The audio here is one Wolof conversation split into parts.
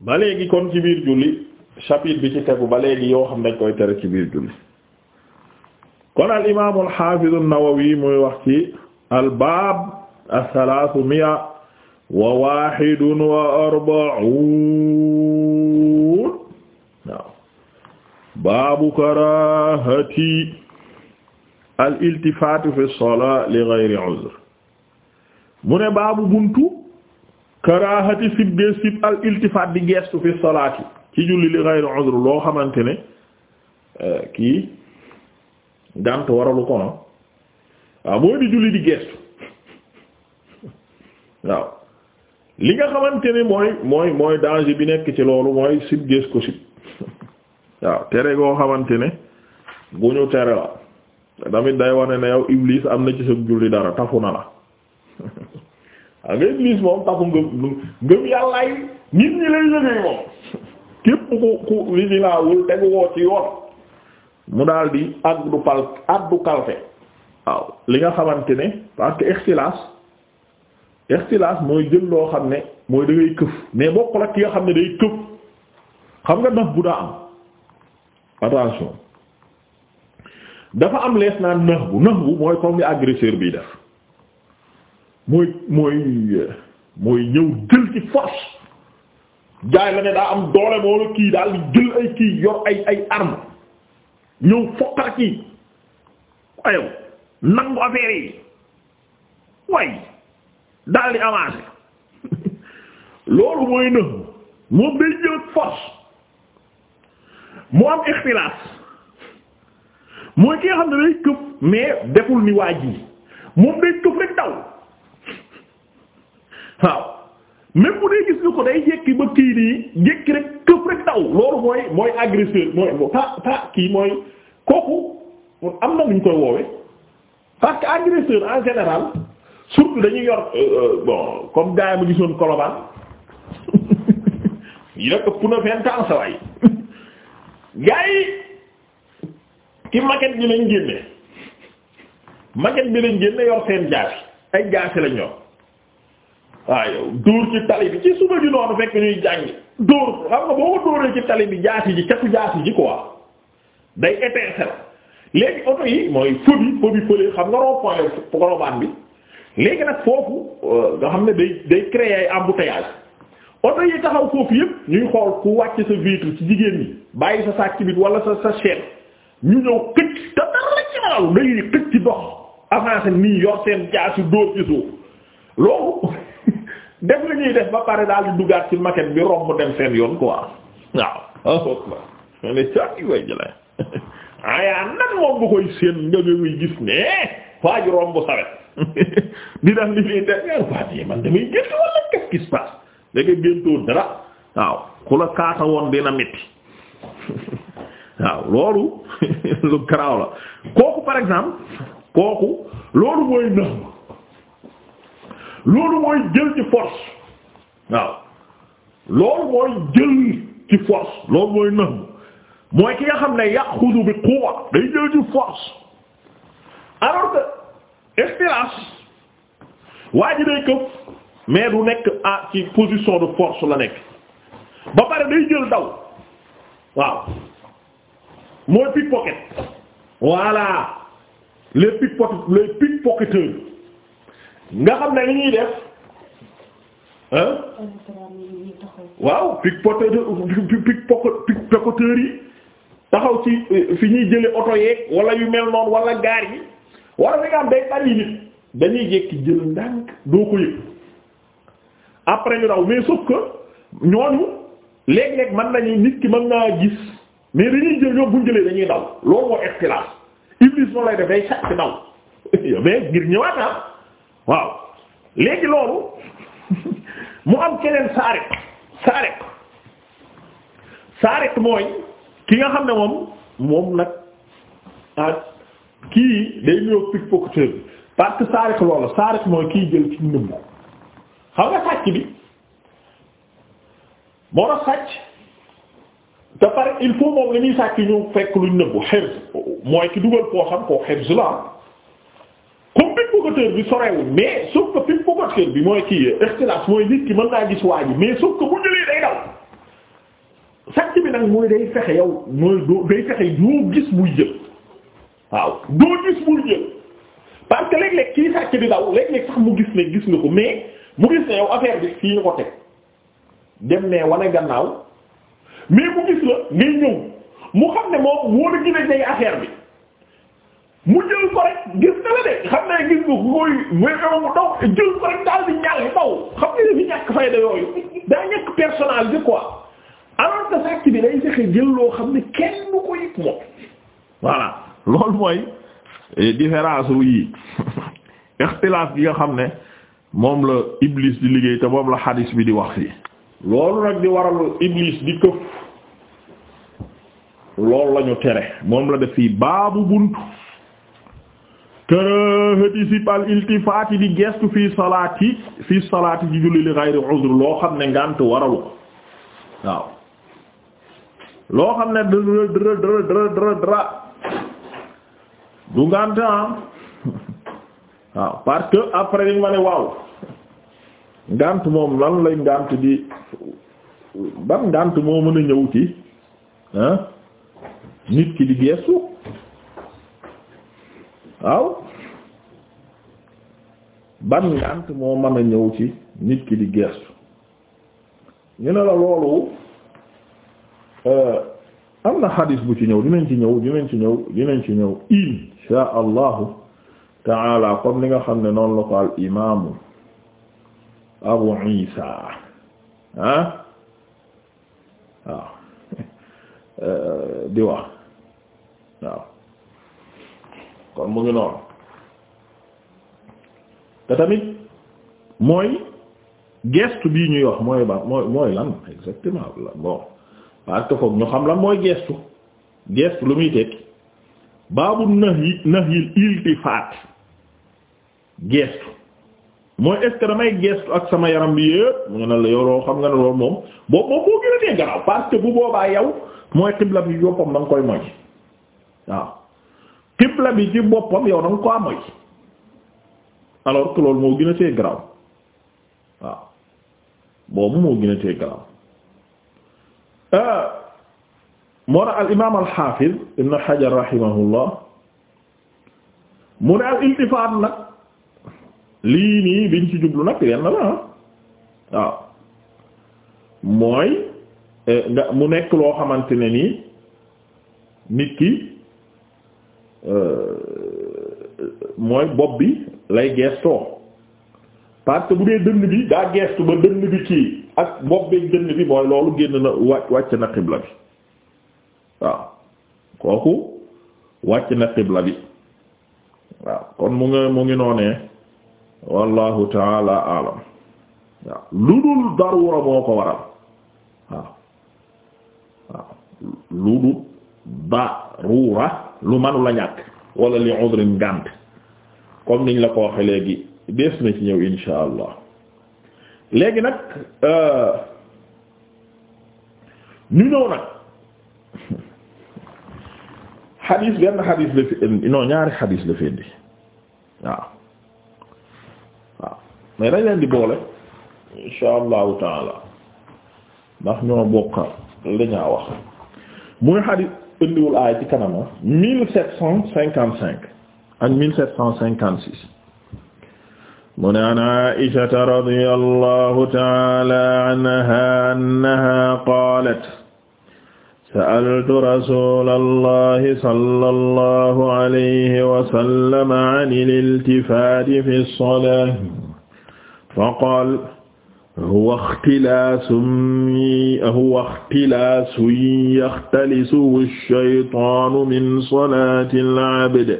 ba léegi kon ci biir julli chapitre bi ci tegu ba léegi yoo xam dañ koy tere ci biir julli kon al imaam al xaafiz an-Nawawi muy wax ci al baab as-salaasu mi'a wa waahidun wa arba'uun waaw al iltifaati fi as-salaa li ghayri uzr mu ne baabu karaahati sib gee sib al iltifaat di geestu fi salaati ci julli li ghayru udhr loo xamante ne euh, kii gànt waralu ko noonu waaw mooy di julli di geestu waaw li nga xamante ne mooy mooy mooy danger bi nekk ci loolu mooy sib gees ko sib waaw tere goo xamante ne bu ñu tere la tamit day wane ne yow iblis am na ci sa julli dara tafu na la xam ah, nga moom taxu ngëm ngëm yàllaay nit ñi lay yëgee moom képp ku ku vigilant wul tegu woo ci yoon mu daal di addu pal addu kalfe waaw li nga xamante ne parce que ixtilaas mooy jël loo xam ne mooy da ngay këf mais bokkul ak ki nga xam ne day këf xam nga nax bu daa am attention dafa am lees naan nax bu nax bu mooy comme li agresseur bi def mooy mooy mooy ñëw jël ci force jaay la ne daa am doole moo la kii daal jël ay kii yor ay ay arme ñëw foqar kii ayow nangu affaire yi waaye daal di avancé loolu mooy nëx moom day jël force mu am ixtilaas mooy ki xam ne day këf mais deful ni waa ji moom day këf rek daw waaw même bu dee gis ni ko day jékki ba kii nii jékki rek këf rek daw loolu mooy mooy agresseur mooy ta ta kii mooy kooku am na lu ñu koy woowe parce que agresseur en général surtout dañuy yor euh, euh, bon comme gars yi ma gisoon Colobane yi rek na vingt ans sa waay gars yi bi lañ génne maquette bi lañ génne yor seen jaasi ay jaasi lañ yor. waaw yow dóor ci tali bi ci suba ji noonu fekk ñuy jàngi dóor xam nga boo ko dóoree ci tali bi jaasi ji catu jaasi ji quoi day étincelle léegi oto yi mooy feu bi feu bi fële xam nga rond-point programme bi léegi nag foofu euh, nga xam ne day day créer ay embouteillage oto yi taxaw foofu yëpp ñuy xool ku wàcc sa vitre ci jigéen ñi bàyyi sa sàcc bi wala sa sa chaîne ñu ñëw këcc te dara la ci maral day këcc dox avancé nii yor seen jaasi dóor ci suuf loolu def li ñuy def ba pare daal di duggaat ci maquette bi romb dem seen yoon quoi waaw waaw ah, ah, nan moom bu koy seen nga ngay gis ne waa ji romb sawet di def li ñuy def yaa waa ji man damay gént walla qu'est-ce qui se passe danga géntoo dara waaw ku la kaata woon dina metti waaw loolu lu garaaw la kooku par exemple kooku loolu mooy naam loolu mooy jël ci force waaw loolu mooy jël ci force loolu mooy nëbb mooy ki nga xam ne yaxudu bi quwwa day jël ci force alors que espérance waa ji day këf mais du nekk ah ci position de force la nekk ba pare day jël daw waaw mooy pickpocket voilà les pickpocket les pickpocketeurs nga xam na li ñuy def ah waaw pickpocket pickpocketeurs yi taxaw ci fi ñuy jële oto yeeg wala yu mel noonu walla gaar yi wala fi nga xam day bari nit dañuy jekki jël ndànk doo ko yëg après yu daw mais sauf que ñooñu léeg-léeg mën nañu nit ki mën naa gis mais dañuy jël ñoom buñ jëlee dañuy daw loolu moo ixtilaaf iblis moo lay def day sàcc daw mais ngir ñëwaat ah. waaw léegi loolu mu am keneen saariq saariq saariq mooy ki nga xam ne moom moom na ah de day ñëw pickpocketeur bi parce que saariq loolu saariq mooy kii jël ci nëbb xam nga sàcc bi moo tax sàcc te pare il faut moom la ñuy sàcc ñu fekk luñ nëbb xebs mooy ki dugal koo xam xebs la hauteur bi sorewul mais sauf que fi mu bi mooy kii ixtilaas mooy nit ki mën naa gis waa mais sauf ko bu jëlee day daw sàcc bi nag mooy day fexe yow mooy doo day fexe doo gis muy jël waaw doo gis muy jël parce que léeg-léeg kii sàcc daw léeg-léeg sax mu gis ne gis nga ko mais mu gis ne yow affaire bi fii nga ko teg dem ne wane gannaaw mais mu gis la ngay ñëw mu xam ne moom wóor na gis ne affaire bi. mu jël ko rek gis na la de xam ne gis nga koy jël ko rek daal di ñaale baw xam nga dafi ñàkk fayda yooyu daa ñàkk personnel bi quoi alors que sàcc bi day fexe jël loo xam ne kenn du ko yëg moom voilà loolu mooy eh, différence wu yi ixtilaaf bi nga xam ne moom la iblis di liggéey te moom la xadis bi di wax fii loolu nag di waral iblis di këf loolu la ñu tere moom la def fii baabu buntu kërëhëti sib al iltifaati di gestu fi salaati fii salaati ci julli li ghayri uzr loo xam ne ngànt waralu waaw loo xam ne dara dara dara du ngànt am ah waaw parce que après dañ ma ne waaw ngànt moom lan lay ngànt di ban ngànt moo mën a ñëw ci ah nit ki di gestu waaw ban ngànt moo mën a ñëw ci nit ki di geestu ñu ne la loolu euh, am na xadiis bu ci ñëw dinañ ci ñëw dinañ ci ñëw dinañ ci ñëw insha allahu taala li nga xam ne noonu la ko al imaamu abu isa ah waaw euh, di wax waaw kon mu ngi noonu te tamit mooy gestu bii ñuy wax mooy ba mooy lan exactement bon parce ñu xam lan mooy gestu gestu lu muy tekki baabu nahyi nahyi iltifaat gestu mooy est-ce que damay gestu ak sama yaram bi yëpp mu ngi ne la yow loo xam nga ne moom boobu moom boo gën a dee gannaaw parce que bu boobaa yow mooy xibla bi yoppam da koy moy waaw la bi ci boppam yow danga ko amoy alors que loolu moo gën a tee garaaw waaw boobu moo gën a tee garaaw euh, moo na ibn Hajar rahimahullah mu ne al nag lii nii biñ ci jublu nag yenn la ah. waaw mooy eh, nga mu nekk loo xamante ne nii nit ki mooy bopp bi lay geestoo parce que bu dee dënn bi daa geestu ba dënn bi kii ak bopp bi dënn bi mooy loolu génn na wàcc wàcc na xibla bi waaw kooku wàcc na xibla bi waaw kon mu ngi mu ngi noonee wallahu taala alam waaw lu dul darura moo ko waral waaw waaw lu dul darura lu manu la ñàkk wala li udrin gànt comme niñ la ko waxe léegi dees na ci ñëw insha allah léegi nag euh, ñu ñëw nag xadiis benn xadiis la fi indi ñaari xadiis la fi indi waaw waaw mais dañ leen di boole insha allahu taala ndax ñoo bokka li ñaa wax muy xadiis indiwul aay ci kanam mille sept cent cinquante cinq ak mille sept cent cinquante six mu ne an aishata radia allahu taala anha annaha qaalat sa'altu rasula allahi sala allahu alayhi wasallam an al iltifati fi lsolaa fa qaal huwa ixtilaasum huwa ixtilaasun yaxtalisuhu ash-shaytaanu min salaati al-abd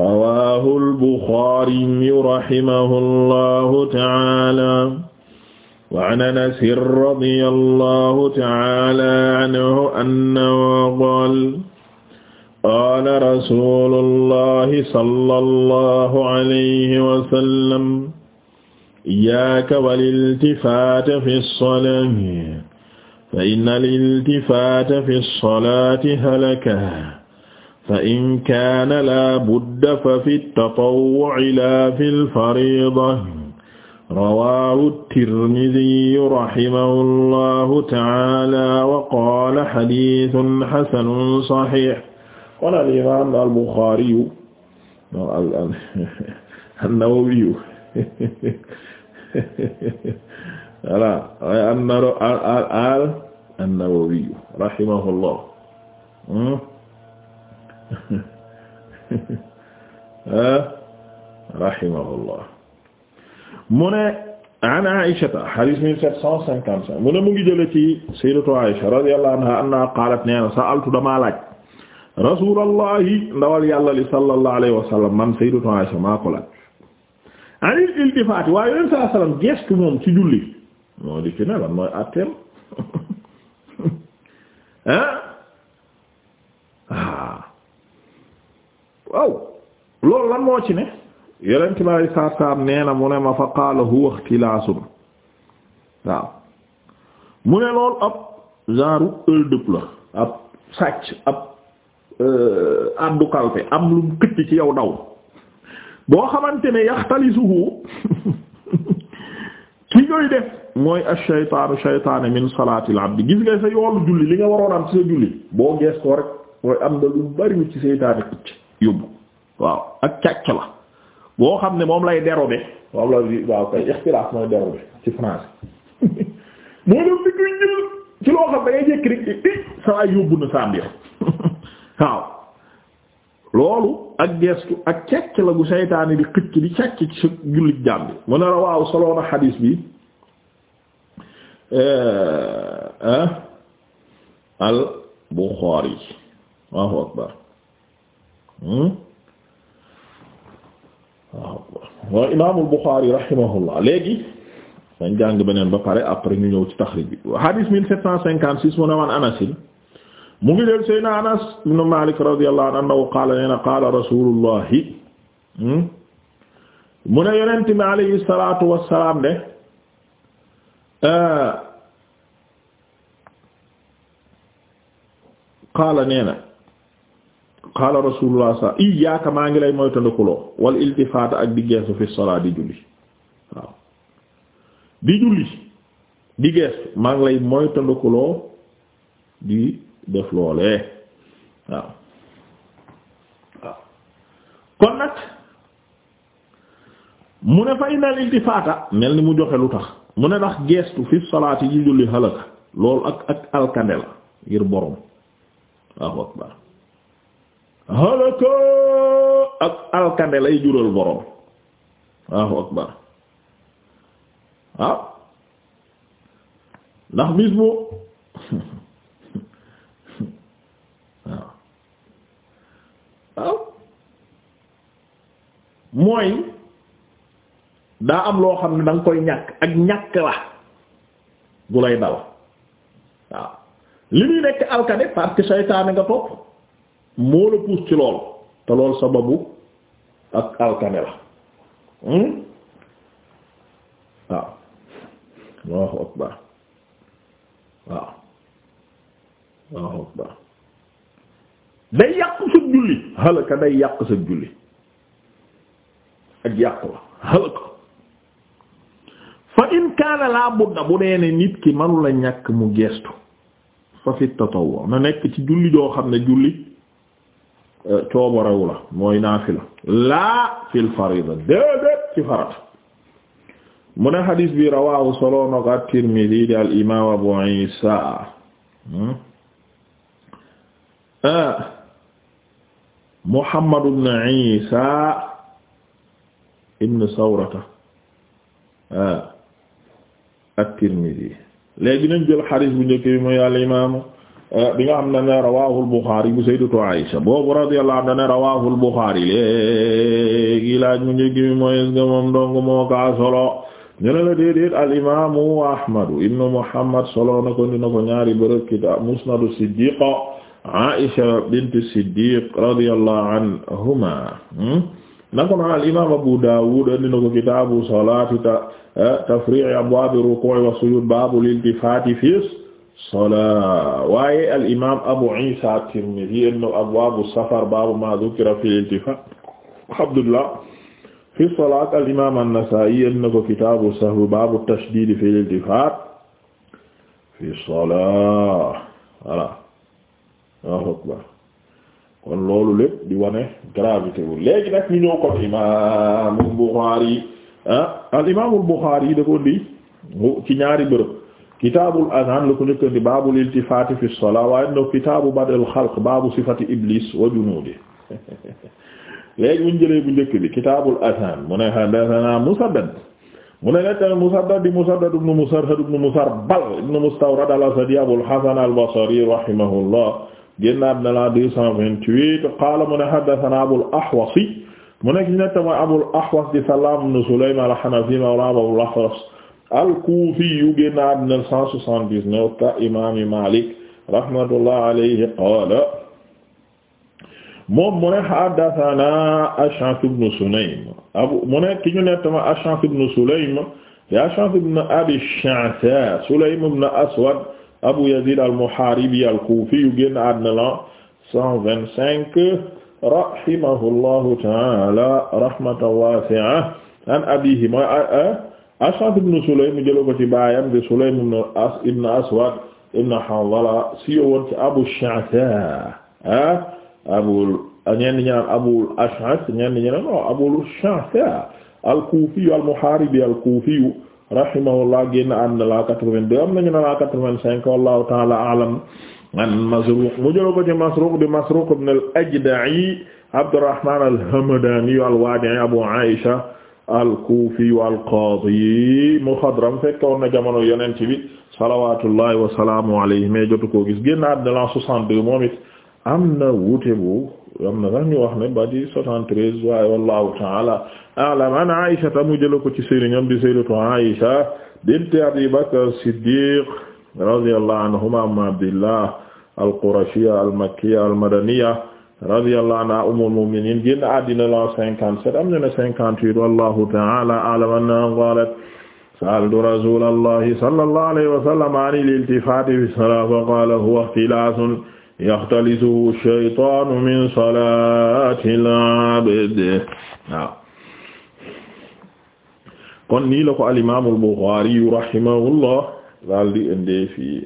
rawaahu al-Buxaari rahimahu llaahu ta'aalaa wa an Anas radiyallaahu ta'aalaa anhu annahu qaala qaala rasuulullaahi sallallaahu alayhi iyaaka waliltifaata fi lsolami fa in aliltifata fi lsolati halaka fa in kaana laa budda fa fi ltatawwuci laa fi lfarida rawahu ttirmidiyu rahimahu allahu taala wa qaala xaditun xasanun saxix kon alimam albuxaariyu An-Nawawiyu voilà al an-Nawawi rahimahullah hmm? rahimahullah mu ne an Aïsata hadith mille sept cent cinquante cinq mu ne mu ngi jële ci sayyidatu Aïsa radiyallahu anha anna qaalat neena sa'altu damaa laaj rasulullah ndawal yàlla li sallallahu alayhi wa sallam man sayyidatu Aïsa maa ko laaj anil iltifaati waaye yonent saa salaam gestu moom ci julli moo di ci ne lan mooy àtteem ah waaw loolu lan moo ci ne yonent bi saa salaam nee na mu ne ma fa qaala huwa ixtilaasun waaw mu ne loolu ab genre ëldëb la ab sàcc ab euh, àddu am lu mu këtt ci yow daw boo xamante ne yaxtalisuhu ki ñooy def mooy ak shaytaanu shaytaane min salaatil abdi gis nga sa yoolu julli li nga waroon am ci sa julli boo gees koo rek mooy am na lu bari ci seytaane kucc yóbbu waaw ak càcc la boo xam ne moom lay dérober moom la waaw kay ixtilaaf mooy dérober ci français moo def di koy jël ci loo xam da ngay jékki rek i sa waay yóbbu na sa mbir waaw loolu ak gestu ak càcc la gu seytaane di xëcc di càcc ci jullit jaam bi mu ne la waaw soloon a xadiis bi eh, eh, al Buxaari hmm? waaw imaamul Buxaari rahimahullah léegi dañ jàng beneen ba pare après ñu ñëw ci taxrij bi xadiis mille sept cent cinquante six mu ne waan anasin mu ngi del Seydina Anas ibn Malik radiyallahu anhu annahu qaala nee na qaala rasulullahi hmm? mu ne yonent bi alayhi salaatu wassalaam de eh, qaala nee na qaala rasulullah sa iyyaaka maa ngi lay moytandikuloo wal iltifaata ak di geesu fi salaat di julli di julli di geesu maa ngi lay moytandikuloo di def loolee waaw waaw kon nag mu ne fa innal iltifaata mel ni mu joxe lu tax mu ne ndax geestu fi salaati yi julli halaka loolu ak ak alkande la ngir borom waaw akbar halaka ak alkande lay jural borom waaw akbar waaw ndax bis bu mooy daa am loo xam ne da koy ñàkk ak ñàkk la gu lay dal waaw li muy nekk alkade parce que saytaane nga topp moo la pousse ci lool te lool sababu ak alkade la hmm? waaw Allahu akbar waaw Allahu day yàq sa julli halaka day yàq sa julli ak yàqu la laa budda bu nit ki manula ñàkk mu geestu fa fi tatawwu na nekk ci julli joo xam julli e, coobarewu la mooy naafila laa fil farida déedéet ci farata mu ne bi rawaahu solo na ko at di al imaam Abu Isa hmm? e, Muhammad ibn Isa ibn sawrata at-Tirmidhi léegi nañ jël xadis bu njëkk bi mooy al imaamu bi nga xam ne ne rawaahul Buxaari boobu radiyallahu anha ne rawaahul laaj mu njëkk bi mooy est-ce moom dong moo kaa solo ne la déedéet al imaamu Ahmadu ibn Muhammad solo na ko dina ko ñaari bërëb kitaab Musnadu Siddiqa Aysa bint Siddiq radiyallahu anhuma hmm? nako noon al imam Abu Dawud andi na ko kitaabu salaati eh, tafri'i abwaabi ruku'i wa sujuud baabul iltifaati fi salaa waaye al imam Abu Isa at-Tirmidhi andi abwaabu safar baabu maa dhukira fil iltifaat Abdullah fi salaat al imam an-Nasaa'i andi na ko kitaabu sahwi baabu tashdiidi fil iltifaat fi salaa voilà kon loolu lépp di wane gravité wu léegi nag ñu ñëw kon imaamul Buxaari ah al imaamul Buxaari da ko di ci ñaari bërëb kitaabul azaan la ko njëkkandi baabul iltifaati fi sola waaye no kitaabu badal xalq baabu sifati iblis wa junuudi léegi bu ñu jëlee bu njëkk bi kitaabul azaan mu ne a Musaddad mu ne nettali Musaddad di Musaddad ibnu Musarhad ibnu Musarbal ibnu Mustawrad al-Asadi Abul Hasan al-Basri rahimahullah génnaat na la 228 qaala mu ne haddathana Abul Ahwas mu nekk ci netta mooy Abul Ahwas di Sallaam ibn Sulaym al-Hanafi mawla Abul Ahwas al-Kufi yu génnaat na 179 ka imaami Maalik rahmatullah alayhi qaala moom mu ne haddathana Ash'ath ibn Sulaym abu mu nekk ci ñu netta mooy Ash'ath ibn Sulaym ya Ash'ath ibn Abi Sha'tha Sulaym ibn Aswad Abu Yazid al-Muharibi al-Kufi yu génn àddina la 125 rahimahullahu ta'ala rahmatan wasi'a an abihi mooy ah, Ash'ath ibn Sulaym jëloo ko ci baayam di Sulaym ibn Aswad ibn Hanzala si woon ci Abu Sha'tha ah, abul ñenn ñi naan Abul Ash'ath ñenn ñi naan Abul Sha'tha al-Kufi al-Muharibi al-Kufi rahimahullah génn ànd la 82 am nañu ne la 85 wallahu ta'ala a'lam an Masruq mu jëlo ko ci Masruq di Masruq ibn al-Ajda'i Abdurrahman al-Hamdani al-Wadi'i Abu Aisha al-Kufi al-Qadi muxadram fekkoon na jamono yonent bi salawatullahi wa salaamu alayhi mais jotu koo gis génn ànd la 62 moom it am na wuute bu am na sax ñu wax ne ba di soixante-treize waaye wallahu ta'ala a'lam an Aisha ta mu jëla ko ci sëriñam di sayyidatu Aisha bint Abi Bakr Siddiq radiyallahu anhuma amma Abdillah al-Qurashiyya al-Makkiyya al-Madaniyya radiyallahu anha ummul mu'minin génn àddina la cinquante-sept am na ne cinquante-huit wallahu ta'ala a'lam anna qalat sa'altu rasulallahi sallallahu alayhi wa sallam an al-iltifati fi as-salat fa qala huwa ikhtilasun yaxtalisuhu shaytaanu min salaatil abd waaw kon nii ko al imaam al Buxaari rahimahullah daal di indee fii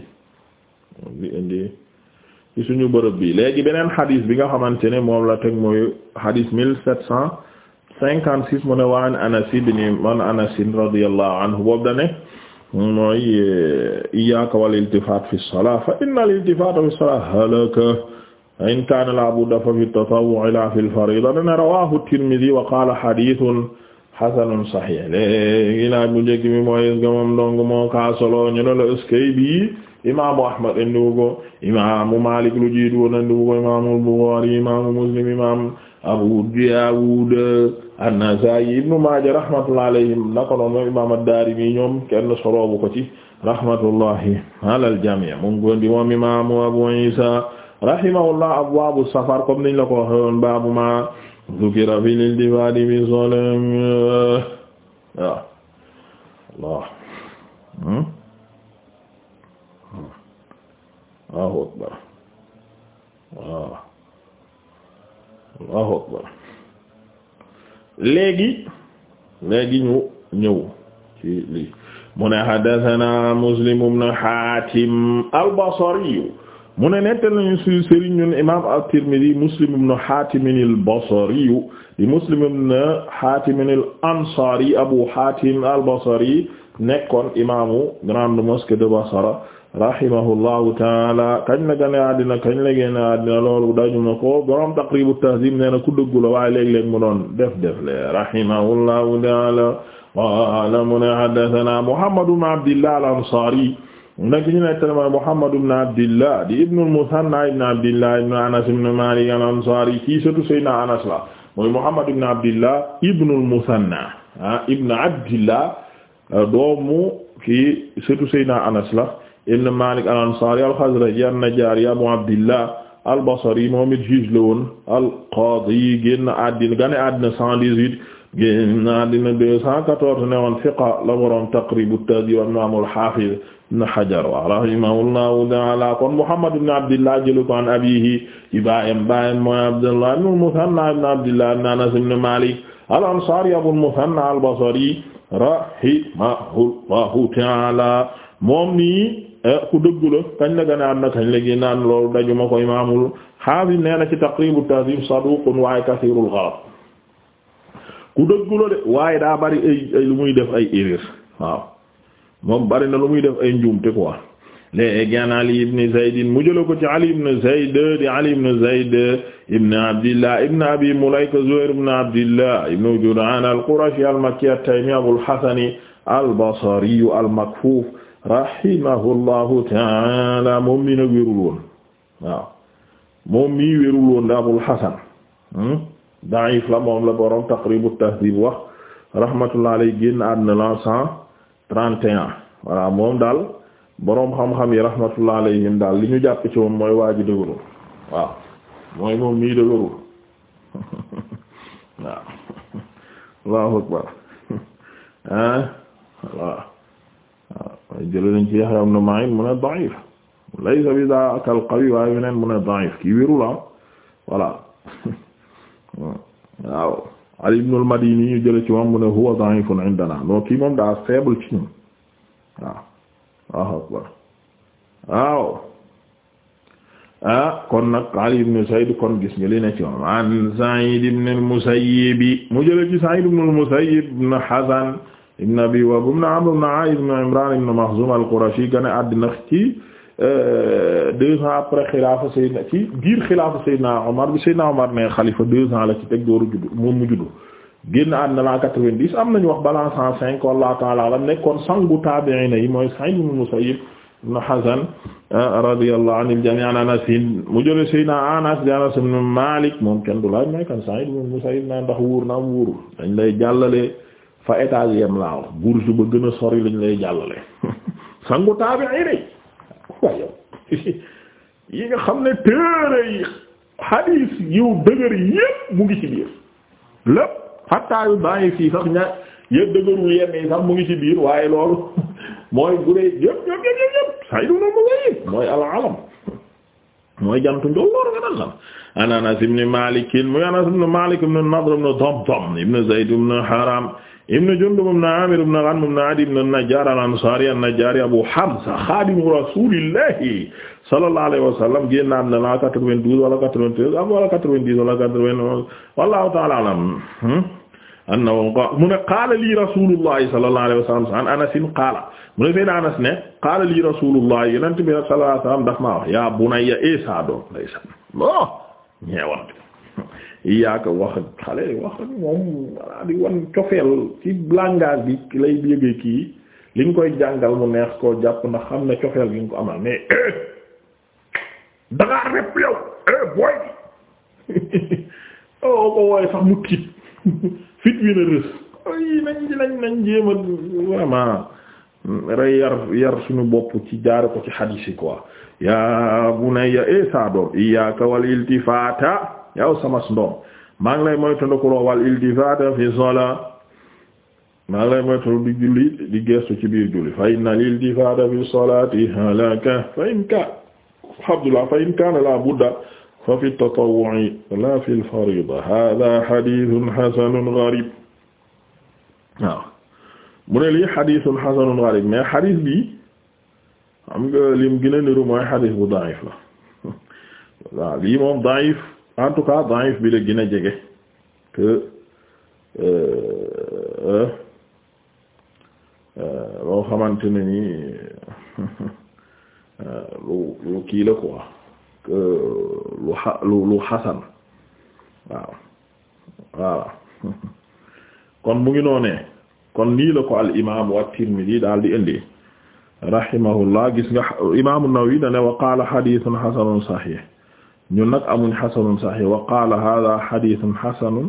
di suñu bërëb bi léegi beneen xadis bi nga xamante ne moom la teg mooy xadis mille sept cent cinquante six mu ne waan Anas ibn man Anas radiyallahu mooy iyyaka wal iltifat fi salat fa inna al iltifata fi salat halaka in kana la budda fa fi tatawwu' la fi al farida dana rawahu at-Tirmidhi wa qala hadithun hasanun sahih léegi laaj bu njëkk bi mooy est-ce que moom dong moo ka solo ñu ne la est-ce que bi imaamu Ahmad indiwu ko imaamu Malik lu jiitu woon indiwu ko imaamu Bukhari imaamu Muslim imam Abu Daawud an-Nasaa'i ibnu Maaja rahmatullahi alayhim naka noonu imaam ad-Daarimi ñoom kenn soloobu ko ci rahmatullahi alal jamii mu ngi gondi moom imaamu Abu Iisa rahimahullah safar comme niñ la ko waxee woon maa zukira fil iltifaati fi salaam waaw Allah akbar Allahu akbar léegi léegi ñu ñëw ci lii mu ne haddathana Muslim ibn Hatim al-Basri mu ne nettal nañu suñu sëriñ ñun imam at-Tirmidhi Muslim ibn Hatim al-Basri di Muslim ibn Hatim al-Ansari Abu Hatim al-Basri nekkoon imaamu grande mosquée de Basra rahimahullahu taala kañ la gane àddina kañ la génn àddina loolu dajuma ko borom taqribu tahzib nee na ku dëggu la waaye léeg-léeg mu doon def def le rahimahullahu taala qaala mu ne haddathana Muhammad ibn Abdillah al-Ansari nag ñu nettali mooy Muhammad ibn Abdillah di ibn al-Muthanna ibn Abdillah ibn Anas ibn Malik al-Ansari kii sëtu Seydina Anas la mooy Muhammad ibn Abdillah ibn al-Muthanna ah ibn Abdillah doomu kii sëtu Seydina Anas la ibn Malik al-Ansari al-Khazraji an-Najjari Abu Abdillah al-Basri moom it juge la woon al-Qadi génn àddina gane àddina 118 génn àddina 214 ne woon fiqa la boroom Taqrib at-Tahdhib imaam al-Hafiz ibn Hajar rahimahullahu ta'ala kon Muhammad ibn Abdillah jëlu ko an abiihi ci baayam baayam mooy Abdullah ibn al-Muthanna ibn Abdillah ibn Anas ibn Malik al-Ansari Abu al-Muthanna al-Basri rahimahullahu ta'ala moom nii Eh, ku dëggu kañ la gën a kañ la génnaan loolu daju ko imaamul xaafis nee na ci taqribu tahzib saduqun waaye kasirul xalat ku dëggu de waaye daa bari ay ay muy def ay erreur waaw bari na lu muy def ay njuumte quoi léegi an Ali ibn Zayd mu jëla ko ci Ali ibn Zayd ibn Abdillah ibn Abi Mulayka Zuhayr ibn Abdillah ibn Jud'an al-Qurashi al-Makki at-Taymi Abul Hasan al-Basri al-Makfuf rahimahullahu taala moom mi nag wérul woon waaw moom mii wérul woon da Abul Hasan hmm? da'if la moom la borom Taqribu Tahdhib wax rahmatullah alayhi génn àddina la cent trente et un moom daal boroom xam-xam yi rahmatullah alayhim daal li ñu jàpp ci moom mooy waa ji dëgërul waaw mooy moom mii dëgërul waaw Allahu akbar ah waaw waaw jëlee nañ ci Yahya ibn Ma'in mu ne da'if laysa bi dhaka al-qawi waaye weneen mu ne da'if kii wérul ah voilà waaw Ali ibn al-Madini ñu jëlee ci moom mu ne huwa da'ifun indana non kii moom daa faible ci ñun waaw waaw ah kon nag Ali ibn Sayd kon gis nga li ne ci moom an Sa'id ibn al-Musayyib mu jëlee ci Sa'id ibn al-Musayyib ibn Hazan ibn Abi Wahb ibn Amr ibn A'id ibn Imran ibn Makhzum al-Qurashi gane àddina ci euh, deux ans après xilaafa Seydina ci biir xilaafa Seydina bi Seydina Omar ne xalifa deux ans la ci teg dooru juddu moom mu juddu génn àddina la 90 am nañu wax balaa 105 wallahu ta'ala alam nekkoon sangu taabi'ina yi mooy Sa'id ibn Musayyib ibn Hazan ah, radiyallahu anil jami' an Anas mu jëlee Seydina Anas di Anas ibn Malik moom kenn du kan Sa'id ibn Musayyib naa ndax wóor na am wóorul dañ lay jàllale fa étage yem laaw bourge ba gën a sori lañ lay jàllale sangu taabi'i day waaye yi nga xam ne téere yi xadiis yiw dëgër yépp mu ngi ci biir lépp xattaa yu bàyyi fii sax ña dëgërul yenn yi sax mu ngi ci biir waaye loolu mooy bu dee yépp yépp yépp yépp say du noonu mooy al mooy jantu njool loolu nga dal la an ibn Malik muy Anas ibn Malik ibn Nadr ibn Damdam ibn Zayd ibn Haram ibn Jundub ibn Amir ibn Ghanm ibn Adi ibn an-Najjar al-Ansari an-Najjari Abu Hamza xaadimu rasulillahi sallallahu alayhi wa sallam génn na la 92 wala 93 wala 90 wala 91 wallahu ta'ala a'lam hmm? annahu qaala mu ne qaala lii rasulullahi sallallahu alayhi wa sallam an Anas qaala mu ne Seydina Anas ne qaala lii rasulullahi yonent bi sallallahu alayhi wa sallam daf maa wax yaa bunayya eh, iyaaka wax xale wax moom walla di wan cofeel ci langage bi lay yëgee kii li koy jàngal mu neex koo jàpp ndax xam ne cofeel gi nga ko amal mais dangaa rep yow eh, booy oo ko wooye sax mu fit wi na rës ay nañ nañ nañ jéema rey yar yar suñu bopp ci jaare ko ci xadiis yi quoi yaa bunayya e eh, saa doom iyaaka wal iltifaata yow sama ndoom maa ngi lay moytandikuloo wal iltifaata fi salaa maa ngi lay moytandiku di julli di gestu ci biir julli fa inna al iltifaata fi salaati halaka fa in ka Abdullah fa in kaana la budda fa fi tatawwu'i la fi al fariida haaza hadiisun hasanun gariib waaw mu ne lii hadiisun hasanun gariib mais hadis bi xam nga lim gën a niru mooy hadis bu da'if la waaw lii moom da'if en tout cas da'if bi la gën a jege que euh, euh, euh, loo xamante ne ni lu lu kii la quoi lu xa lu xasan waaw voilà kon mu ngi noonee kon nii la ko al imaamu at-Tirmidhi daal di indi rahimahullah gis nga imaamu Nawawi da ne wa qaala hadithun hasanun sahih ñun nag amuñ xasanun saxiix wa qaala hada xadiisun xasanun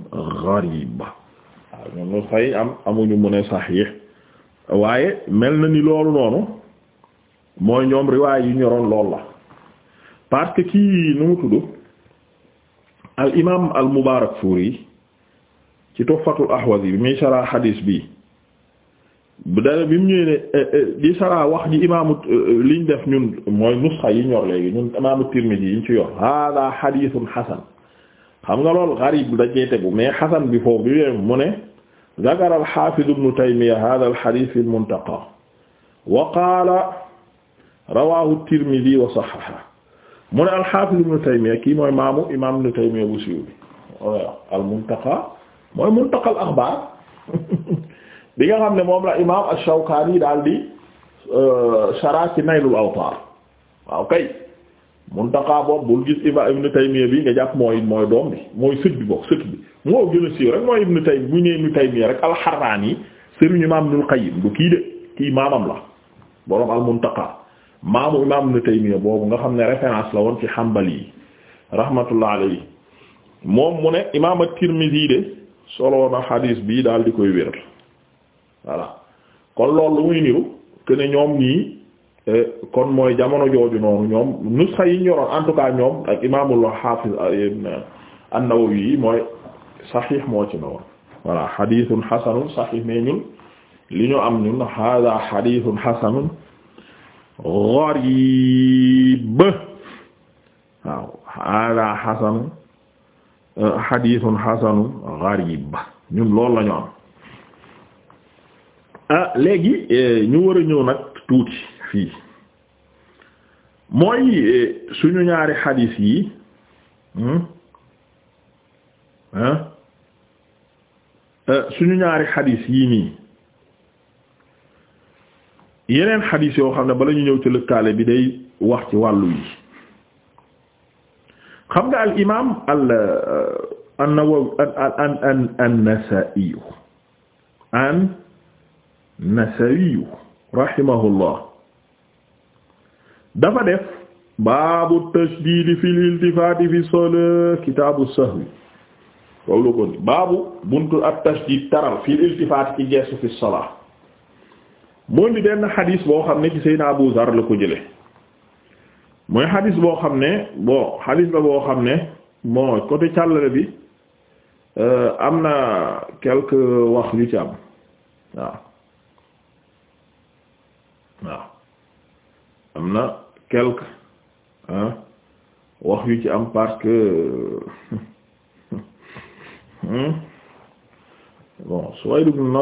ñun lu fay am amuñu mu ne saxiix waaye mel na ni loolu noonu mooy ñoom riwaay yu ñoroon lool la parce que kii nu mu tudd al imaam al mubaarak fuuri ci tuhfatul ahwazi bi muy sarah xadiis bi dara bi mu ñëwee ne eh, eh, di sara wax ji imaamu eh, liñ def ñun mooy nusxa yi ñor léegi ñun imaamu Tirmidhi yi ñu ci yor hada xadiisun xasan xam nga lool garib da cee tegu mais xasan bi foofu bi yem mu ne zakara al-Haafiz ibnu hada al fi muntaqa wa qaala rawaahu Tirmidhi mu ne al-Haafiz ibnu Taymiyya kii mooy maamu imaam ibnu Taymiyya bu siiw bi al mooy Muntaqa al bi nga xam ne moom la imaam ash-Shawkaani daal di shara euh, ci Naylul Awtaar waaw kay muntaqaa boobu bul gis iba Ibn bi nga jàpp mooy mooy doom bi mooy sët bi bokk sët bi moo gën siiw rek mooy Ibn Taymiyya bu la boroom al-Muntaqaa nga xam ne référence la woon ci Hanbali yi rahmatullah alayhi moom mu ne imaam at-Tirmidhi de solo na xadiis bii daal di koy wér. voilà kon loolu lu muy niru que ne ñoom nii eh, kon mooy jamono jooju noonu ñoom nusxa yi ñoroon en tout cas ñoom ak imaamul hafiz eh, an-Nawawi mooy saxiix moo ci noonu voilà xadiisun xasanun saxiix mais ñun li ñu am ñun hada xadiisun xasanun gariib waaw hada xasanun xadiisun eh, xasanun gariib ñun loolu la ñu am. Ah, léegi eh, ñu war a ñëw nag tuuti fii mooy eh, suñu ñaari xadiis yi hmm? ah eh, suñu ñaari xadiis yi nii yeneen xadiis yoo xam ne bala ñu ñëw ci lëkkaale bi day wax ci wàllu yi xam nga al imaam al an-Nawawi an an an an-Nasaa'i an nasawiyu rahimahullah dafa def baabu tashdid fi liltifati fi sola kitaabu sahwi loolu la ko ni baabu buntu at tashdid taral fi liltifati ci geesu fi sola moo di benn xadis boo xam ne ci Seydina Abu Zar la ko jële mooy xadis boo xam ne bon xadis la boo xam ne bon côté càllale bi euh, am na kelk wax yu ci am waaw waaw am na quelque wax yu ci am parce que hmm, bon Suwayd ibn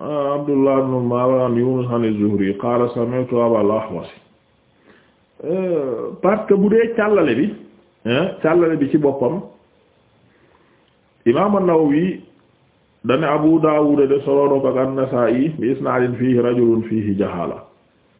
Abdullah ibn Marwan Yunus an az-Zuhri qala sami'tu Abal Ahwas euh, parce que bu dee càllale bi càllale bi ci boppam Imam an-Nawawi dane Abu Dawud de solo ak an-Nasa'i bi isnadin fihi rajulun fihi jahala